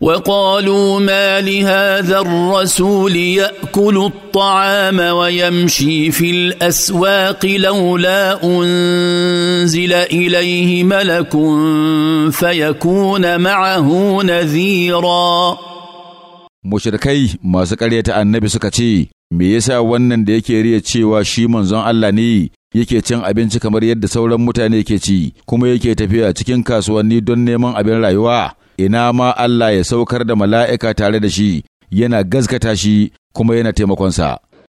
وقالوا ما لهذا الرسول ياكل الطعام ويمشي في الاسواق لولا انزل اليه ملك فيكون معه نذيرا mushrikai masu ƙaryata annabi suka ce me yasa wannan da yake riya cewa shi manzon Allah ne yake cin abinci kamar yadda sauran mutane ke ci kuma yake tafiya cikin kasuwanni don neman abin rayuwa ina ma Allah ya saukar da mala'ika tare da shi, yana gaskata shi kuma yana taimakonsa.